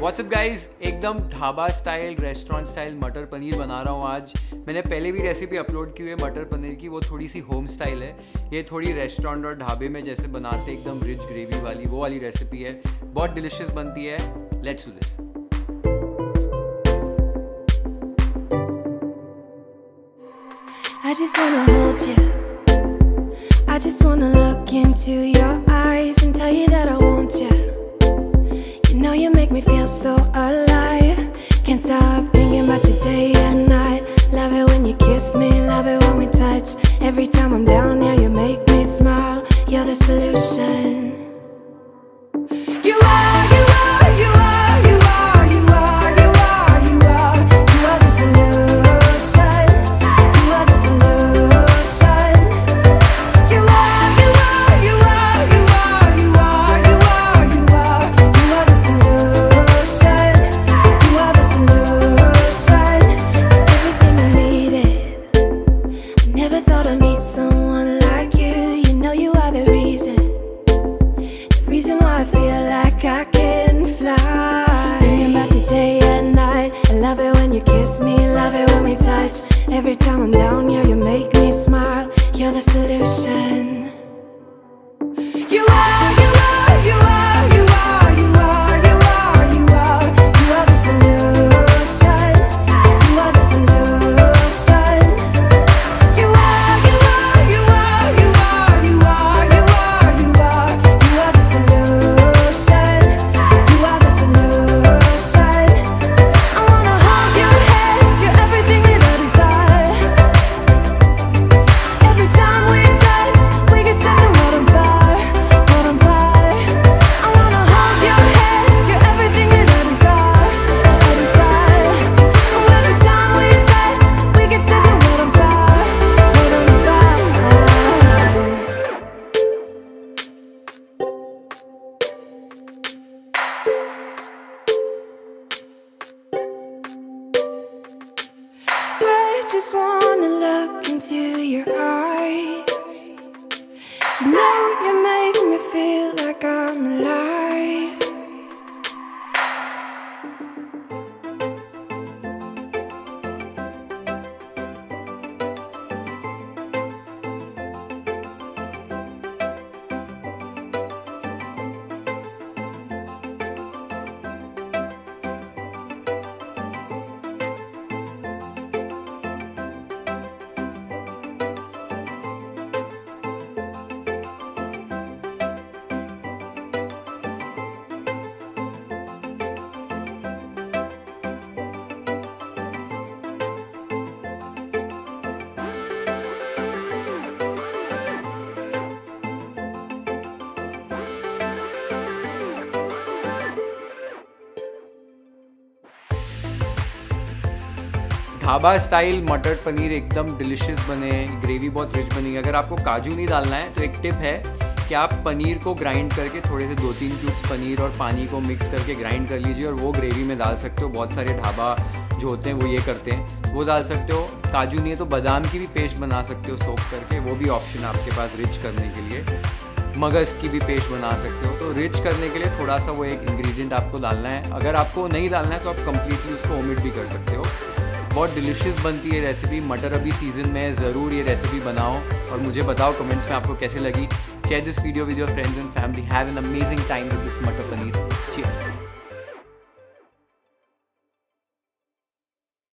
WhatsApp guys एकदम dhaba style restaurant style matar paneer बना रहा हूँ आज मैंने पहले भी रेसिपी अपलोड की हुई है मटर पनीर की वो थोड़ी सी होम स्टाइल है ये थोड़ी रेस्टोरेंट और ढाबे में जैसे बनाते एकदम रिच ग्रेवी वाली वो वाली रेसिपी है बहुत डिलिशियस बनती है let's do this I just wanna look into your eyes and tell you that I want. Know you make me feel so alive Can't stop thinking about you day and night Love it when you kiss me, love it when we touch Every time I'm down I love it when you kiss me, love it when we touch Every time I'm down, yeah, you make me smile You're the solution just wanna look into your eyes. You know you make me feel like I'm alive. Dhaba style matar paneer एकदम delicious बने gravy बहुत rich बनेगी अगर आपको काजू नहीं डालना है तो एक टिप है कि आप पनीर को ग्राइंड करके थोड़े से दो तीन क्यूब्स पनीर और पानी को मिक्स करके ग्राइंड कर लीजिए और वो ग्रेवी में डाल सकते हो बहुत सारे ढाबा जो होते हैं वो ये करते हैं वो डाल सकते हो काजू नहीं है तो बादाम की भी पेस्ट बना सकते हो सोप करके वो भी ऑप्शन है आपके पास रिच करने के लिए मगज़ की भी पेस्ट बना सकते हो तो रिच करने के लिए थोड़ा सा वो एक इंग्रेडिएंट आपको डालना है अगर आपको नहीं डालना है तो आप कम्प्लीटली उसको ओमिट भी कर सकते हो बहुत डिलिशियस बनती है रेसिपी मटर अभी सीज़न में ज़रूर ये रेसिपी बनाओ और मुझे बताओ कमेंट्स में आपको कैसे लगी share this video with your friends and family have an amazing time with this matar paneer cheese